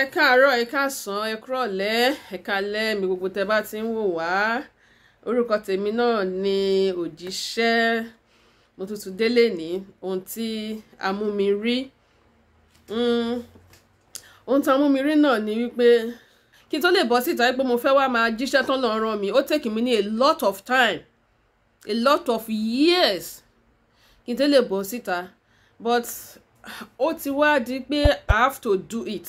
ẹ káàárọ̀ ẹ káàsán ẹ kúrọ̀lẹ́ ẹ kálẹ́ mi gbogbo tẹ bá ti ń wò wá orúkọ tèmi náà ni òjíṣẹ́ mo tuntun délé ní ohun tí a mú mi rí hmm, ohun tí a mú mi rí náà ni wípé kí n tó lè bọ́ síta pé mo fẹ́ wá máa jíṣẹ́ tán lọ rán mi ó tèkì mí ní a lot of time a lot of years kí n tó lè bọ́ síta but ó ti wá di pé I have to do it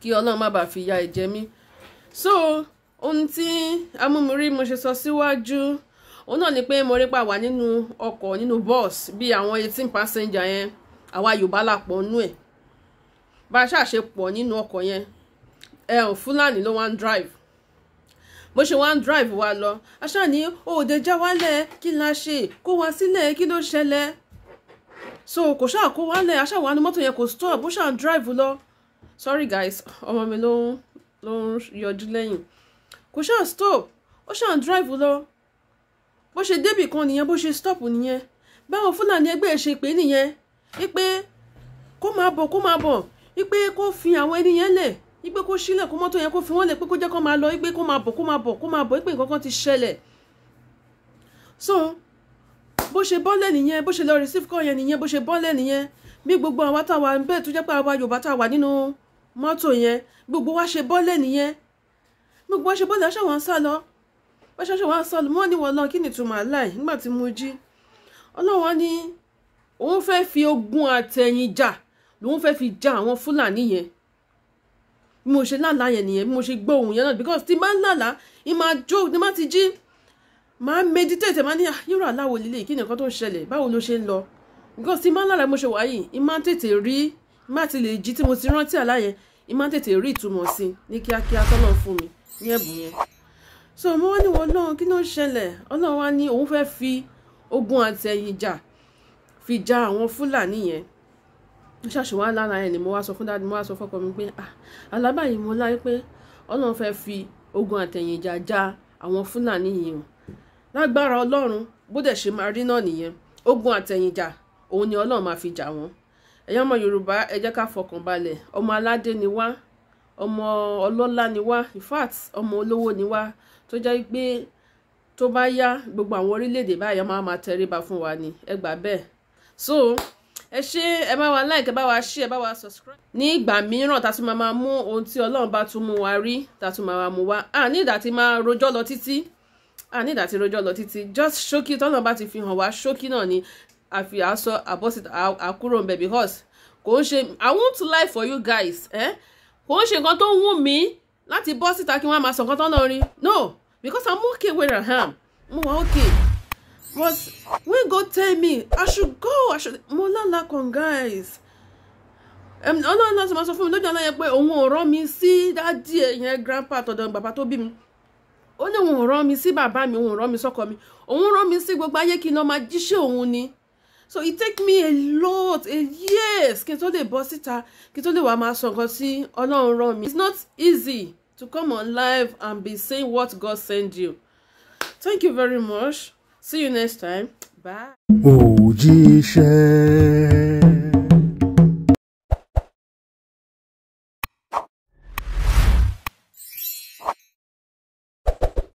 kí ọlọ́run má bàa fi ya ẹ̀jẹ̀ mi so ohun tí amúmúrí mo ṣe sọ síwájú òun náà ni pé mo rí pa wà nínú ọkọ̀ nínú bus bí àwọn eighteen passenger yẹn àwa yorùbá là nú ẹ̀ bá a ṣàṣe pọ̀ nínú ọkọ̀ yẹn ẹ ò fúlàní ló wá ń drive bó ṣe wá ń drive wa lọ aṣáà ní òde já wálẹ̀ kí la ṣe kó wa sílẹ̀ kí ló ṣẹlẹ̀ so kò ṣáà kó wálẹ̀ aṣáà wà ní mọ́tò yẹn kò stop bó ṣáà ń drive lọ sorry guys ọmọ mi ló ń ló ń yọjú lẹ́yìn kò ṣáà stop ó ṣáà drive lọ bó ṣe débì kan nìyẹn bó ṣe stop nìyẹn báwọn fúlàní ẹgbẹ́ ẹ̀ ṣe pé nìyẹn wípé kó máa bọ̀ kó máa bọ̀ wípé kó fi àwọn ẹni yẹn lẹ̀ wípé kó sílẹ̀ kó mọ́tò yẹn kó fi wọ́n lẹ̀ pé kó jẹ́ kó máa lọ wípé kó máa bọ̀ kó máa bọ̀ kó máa bọ̀ wípé nǹkan kan ti ṣẹlẹ̀ so bó ṣe bọ́lẹ̀ nìyẹn bó ṣe lọ receive call yẹn nìyẹn bó ṣe bọ́lẹ̀ nìyẹn bí gbogbo àwa táwa bẹ́ẹ̀ tó jẹ́ pé àwa Yorùbá táwa nínú mọ́tò yẹn gbogbo wa ṣe bọ́lẹ̀ nìyẹn gbogbo wa ṣe bọ́lẹ̀ ṣé wọ́n ń sá lọ wọ́n ṣe wọ́n ń sá lọ wọ́n ní wọ́n lọ kí ni ìtumọ̀ aláì nígbà tí mo jí ọlọ́wọ́n ní òun fẹ́ fi ogun àtẹ̀yìn jà lòun fẹ́ fi ja àwọn Fúlàní yẹn bí mo ṣe lálàá yẹn nìyẹn bí mo ṣe gbọ́ ohùn yẹn náà because tí n bá ń lálàá ì máa jó má ti jí máa meditate máa ní yọrọ ah, aláwo líle kí nìkan tó ṣẹlẹ̀ báwo ló ṣe ń lọ because tí máa lára mo ṣe wáyé ìmá tètè rí ìmá ti lè jí tí mo ti rántí àlá yẹn ìmá tètè rí ìtumọ̀ sí ní kíákíá tọ́lọ̀ fún mi ní ẹ̀bùn yẹn so mo wá ní wọn náà kí ló ń ṣẹlẹ̀ ọlọ́run wá ní òun fẹ́ẹ́ fi ogun àtẹ̀yìnjà fi ja àwọn fúlàní yẹn mo ṣàṣù wá lára ẹ̀ ni mo wá sọ fún dáadé mo wá sọ fọ́kọ mi pé alábàáyé ah, mo láyé pé ọlọ́run fẹ́ẹ́ fi ogun àtẹ̀yìnjà ja àwọn fúlàní yìí hàn lágbára ọlọ́run bó dẹ̀ ṣe máa rí náà nìyẹn ogun àtẹ̀yìnjà òun ni ọlọ́run máa fi jà wọ́n ẹ̀yà ọmọ yorùbá ẹ ká fọkàn balẹ̀ ọmọ aládé ni wá ọmọ ọlọ́lá ni wá in ọmọ olówó ni wá tó jẹ́ pé tó bá yá gbogbo àwọn orílẹ̀-èdè báyà máa máa tẹríba fún wa ni ẹ gbà bẹ́ẹ̀ so ẹ ṣe ẹ bá wa like ẹ bá wa share ẹ bá wa subscribe. ní ìgbà mìíràn tá a tún máa mú ohun tí ọlọ́run bá tún mú wa rí tá a tún máa mú wa ní ìdá tí máa rojọ́ lọ títí àníd àti rojọ́ lọ títí just ṣókí tọ́nà bá ti fi hàn wá ṣókí náà ni àfi àsọ àbọ̀sìtà àkúrò ń bẹ̀ because kò ń ṣe i want to lie for you guys eh? kò ń ṣe nǹkan tó ń wù mí láti bọ́ síta kí wọ́n máa sọ nǹkan tọ́nà rí no because i'm okay with i am mo wà okay but when God tell me i should go i should mo lálà kan guys ọlọ́run náà ti máa sọ fún mi lójú ọlọ́yẹ pé òun ò rán mi sí dádì ẹ̀ grandpa tọ̀dọ̀ bàbá tó bí mi ó ní òun rán mi sí bàbá mi òun rán mi sọ́kọ mi òun rán mi sí gbogbo ayé kí n lọ máa jíṣẹ́ òun ni so it take me a lot a years kí n tó lè bọ́ síta kí n tó lè wá máa sọ nǹkan tí ọlọ́run rán mi. it's not easy to come on live and be saying what God send you thank you very much see you next time bye. òjíṣẹ́.